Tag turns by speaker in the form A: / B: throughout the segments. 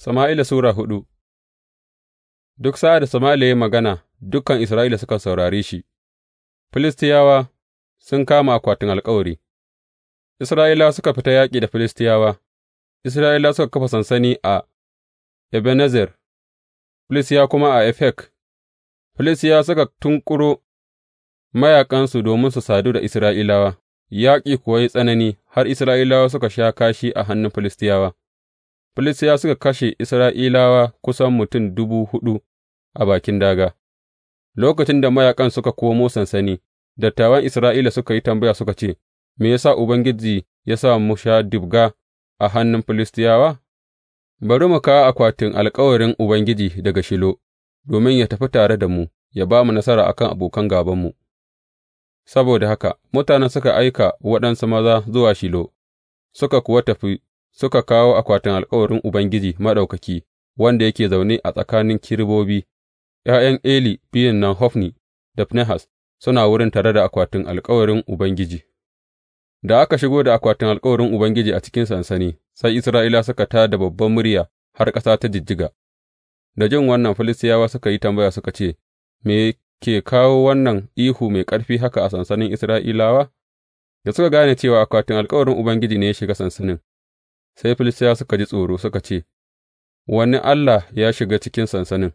A: Sama'ila Sura hudu Duk sa'ad da Sama'ila ya magana, dukan Isra'ila suka saurari shi, Filistiyawa sun kama akwatin alkawari Isra'ilawa suka fita yaƙi da Filistiyawa, Isra'ilawa suka kafa sansani a Ebenezer, Filistiyawa kuma a Efek, Filistiyawa suka tunƙuro mayaƙansu domin su sadu da Isra'ilawa, yaƙi kuwa yi tsanani har Isra'ilawa suka sha kashi a hannun Filistiyawa. Filistiyawa suka kashe Isra'ilawa kusan mutum dubu hudu a bakin daga. Lokacin da mayaƙan suka komo sansani, dattawan Isra'ila suka yi tambaya suka ce, Me ya sa Ubangiji ya sa mu sha Dubga a hannun Filistiyawa? Bari mu kawo akwatin alkawarin Ubangiji daga Shilo, domin ya tafi tare da mu, ya ba mu nasara a kan abokan gābanmu. Saboda haka mutanen suka aika waɗansu maza zuwa Shilo, suka kuwa tafi. suka kawo akwatin alkawarin Ubangiji Maɗaukaki, wanda yake zaune a tsakanin kerubobi, ’ya'yan Eli biyun nan Hofni da Finehas suna wurin tare da akwatin alkawarin Ubangiji. Da aka shigo da akwatin alkawarin Ubangiji a cikin sansani, sai Isra'ila suka tā da babban murya har ƙasa ta jijjiga. Da jin wannan, Filistiyawa suka yi tambaya suka ce, Me ke kawo wannan ihu mai ƙarfi haka a sansanin Isra'ilawa? Da suka gane cewa akwatin alkawarin Ubangiji ne ya shiga sansanin, Sai Filistiyawa suka ji tsoro suka ce, Wani allah ya shiga cikin sansanin,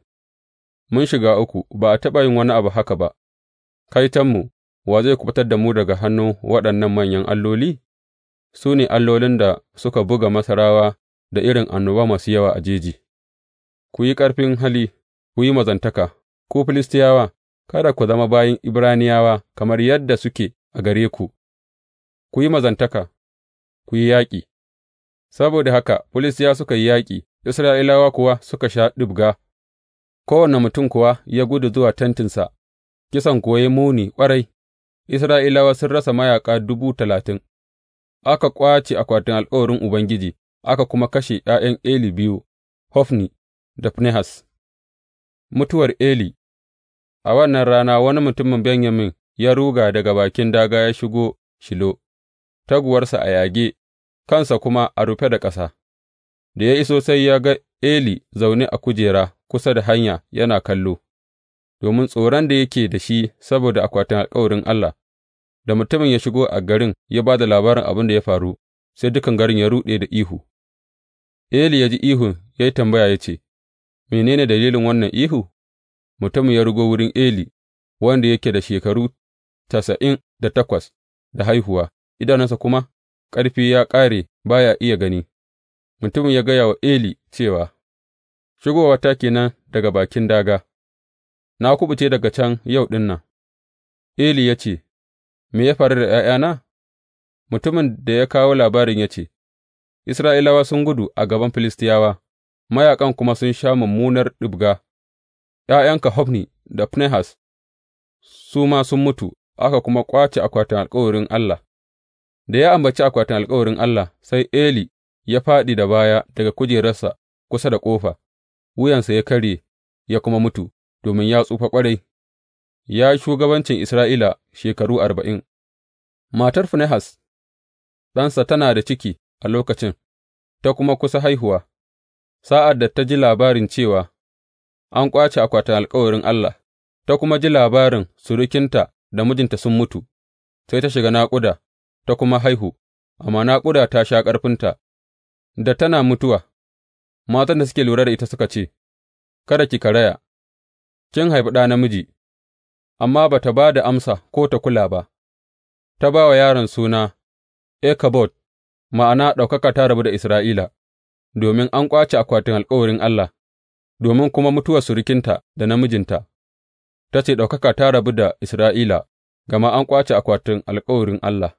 A: mun shiga uku, ba a taɓa yin wani abu haka ba, kaitonmu, wa zai kubutar da mu daga hannu waɗannan manyan alloli? Su ne allolin da suka buga Masarawa da irin annoba masu yawa a jeji, ku yi ƙarfin hali, ku yi mazantaka, ku Filistiyawa, kada ku zama bayan Ibraniyawa kamar yadda suke a gare ku, ku yi mazantaka, ku yi yaƙi. Saboda haka Filistiyawa suka yi yaƙi, Isra'ilawa kuwa suka sha ɗibga, kowane mutum kuwa ya gudu zuwa tentinsa, kisan kuwa ya muni ƙwarai, Isra'ilawa sun rasa mayaƙa dubu talatin, aka ƙwace akwatin alkawarin Ubangiji, aka kuma kashe ’ya'yan Eli biyu, Hofni da Finehas. Mutuwar Eli A wannan rana wani mutumin Benyamin ya ruga daga bakin daga ya shigo Shilo, taguwarsa a yage. kansa kuma a rufe da ƙasa, da ya iso sai ya ga Eli zaune a kujera kusa da hanya yana kallo, domin tsoron da yake da shi saboda akwatin alkawarin Allah, da mutumin ya shigo a garin ya ba da labarin abin da ya faru, sai dukan garin ya ruɗe da ihu. Eli ya ji ihun ya yi tambaya ya ce, Menene dalilin wannan ihu? Mutumin ya rugo wurin Eli, wanda yake da shekaru tasa'in da takwas da haihuwa, idanunsa kuma ƙarfi ya ƙare ba ya iya gani, mutumin ya gaya wa Eli cewa, Shigowata ke nan daga bakin daga, na kuɓuce daga can yau ɗin nan. Eli ya ce, Me ya faru da ’ya'yana? Mutumin da ya kawo labarin ya ce, Isra'ilawa sun gudu a gaban Filistiyawa, mayaƙan kuma sun sha mummunar ɗibga, ’ya'yanka Hofni da Finehas su ma sun mutu, aka kuma ƙwace akwatin alkawarin Allah. Da ya ambaci akwatin alkawarin Allah, sai Eli ya fāɗi da baya daga kujerarsa kusa da ƙofa, wuyansa ya karye ya kuma mutu, domin ya tsufa ƙwarai, ya yi shugabancin Isra'ila shekaru arba'in. Matar Finehas, ɗansa tana da ciki a lokacin, ta kuma kusa haihuwa, sa'ad da ta ji labarin cewa an ƙwace akwatin alkawarin Allah, ta kuma ji labarin surukinta da mijinta sun mutu, sai ta shiga naƙuda. ta kuma haihu, amma naƙuda ta sha ƙarfinta da tana mutuwa, matan da suke lura da ita suka ce, Kada ki karaya, kin haifi ɗa namiji, amma ba ta ba da amsa ko ta kula ba, ta ba wa yaron suna Ekabod, ma'ana ɗaukaka ta rabu da Isra'ila, domin an ƙwace akwatin alkawarin Allah, domin kuma mutuwar surukinta da namijinta, ta ce ɗaukaka ta rabu da Isra'ila, gama an ƙwace akwatin alkawarin Allah.